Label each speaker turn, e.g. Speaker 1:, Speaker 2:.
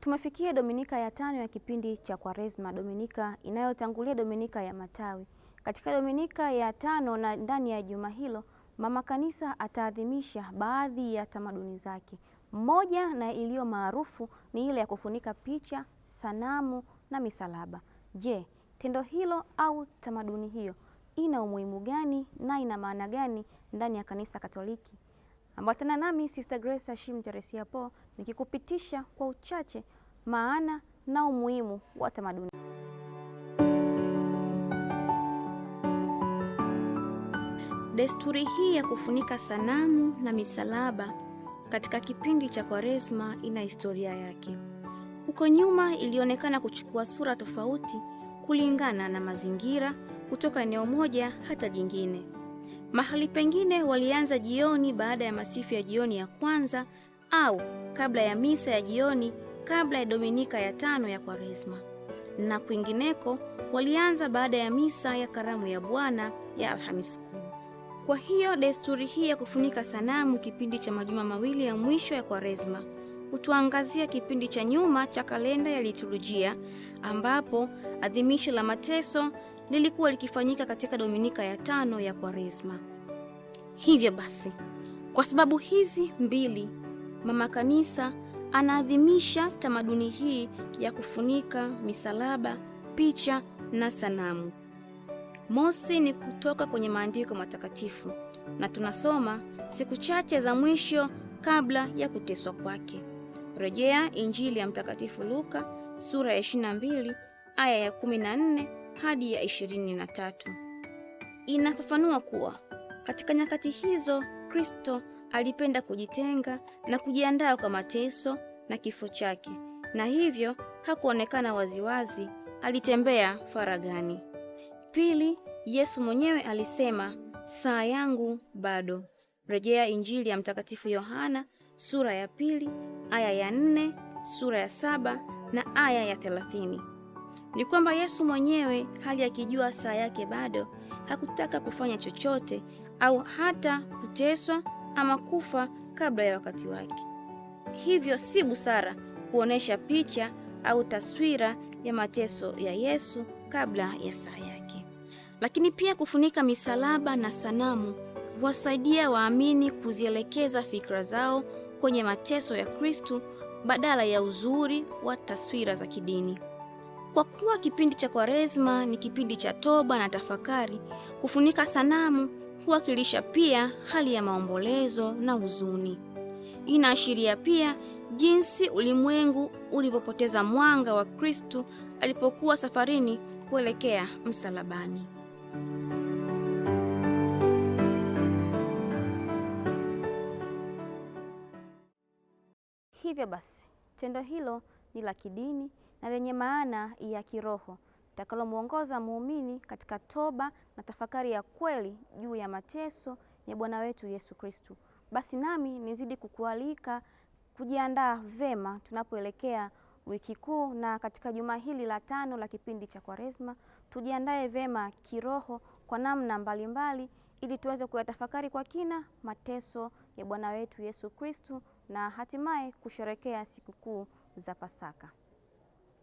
Speaker 1: Tumefikia Dominika ya tano ya kipindi cha Kwaresma, Dominika inayotangulia Dominika ya Matawi. Katika Dominika ya tano na ndani ya juma hilo, Mama Kanisa ataadhimisha baadhi ya tamaduni zake. Mmoja na iliyo maarufu ni ile ya kufunika picha, sanamu na misalaba. Je, tendo hilo au tamaduni hiyo ina umuhimu gani na ina maana gani ndani ya Kanisa Katoliki? Ambatana nami Sister Grace Hashim Po nikikupitisha kwa uchache maana na umuhimu wa tamaduni.
Speaker 2: Desturi hii ya kufunika sanamu na misalaba katika kipindi cha Kwaresma ina historia yake. Huko nyuma ilionekana kuchukua sura tofauti kulingana na mazingira, kutoka eneo moja hata jingine. Mahali pengine walianza jioni baada ya masifu ya jioni ya kwanza au kabla ya misa ya jioni kabla ya Dominika ya tano ya Kwaresma, na kwingineko walianza baada ya misa ya karamu ya Bwana ya Alhamisi Kuu. Kwa hiyo desturi hii ya kufunika sanamu kipindi cha majuma mawili ya mwisho ya Kwaresma hutuangazia kipindi cha nyuma cha kalenda ya liturujia ambapo adhimisho la mateso lilikuwa likifanyika katika Dominika ya tano ya Kwaresma. Hivyo basi, kwa sababu hizi mbili, Mama Kanisa anaadhimisha tamaduni hii ya kufunika misalaba, picha na sanamu. Mosi ni kutoka kwenye maandiko matakatifu na tunasoma siku chache za mwisho kabla ya kuteswa kwake. Rejea Injili ya Mtakatifu Luka sura ya 22 aya ya 14 hadi ya 23. Inafafanua kuwa katika nyakati hizo Kristo alipenda kujitenga na kujiandaa kwa mateso na kifo chake, na hivyo hakuonekana waziwazi, alitembea faragani. Pili, Yesu mwenyewe alisema, saa yangu bado. Rejea Injili ya Mtakatifu Yohana sura ya pili aya ya nne, sura ya saba na aya ya thelathini. Ni kwamba Yesu mwenyewe hali akijua saa yake bado hakutaka kufanya chochote au hata kuteswa ama kufa kabla ya wakati wake. Hivyo si busara kuonesha picha au taswira ya mateso ya Yesu kabla ya saa yake. Lakini pia kufunika misalaba na sanamu huwasaidia waamini kuzielekeza fikra zao kwenye mateso ya Kristu badala ya uzuri wa taswira za kidini. Kwa kuwa kipindi cha Kwaresma ni kipindi cha toba na tafakari, kufunika sanamu huwakilisha pia hali ya maombolezo na huzuni. Inaashiria pia jinsi ulimwengu ulivyopoteza mwanga wa Kristu alipokuwa safarini kuelekea msalabani.
Speaker 1: Hivyo basi, tendo hilo ni la kidini na lenye maana ya kiroho litakalomwongoza muumini katika toba na tafakari ya kweli juu ya mateso ya Bwana wetu Yesu Kristu. Basi nami nizidi kukualika kujiandaa vema tunapoelekea wiki kuu na katika juma hili la tano la kipindi cha Kwaresma, tujiandae vema kiroho kwa namna mbalimbali mbali, ili tuweze kuyatafakari kwa kina mateso ya Bwana wetu Yesu Kristu na hatimaye kusherekea sikukuu za Pasaka.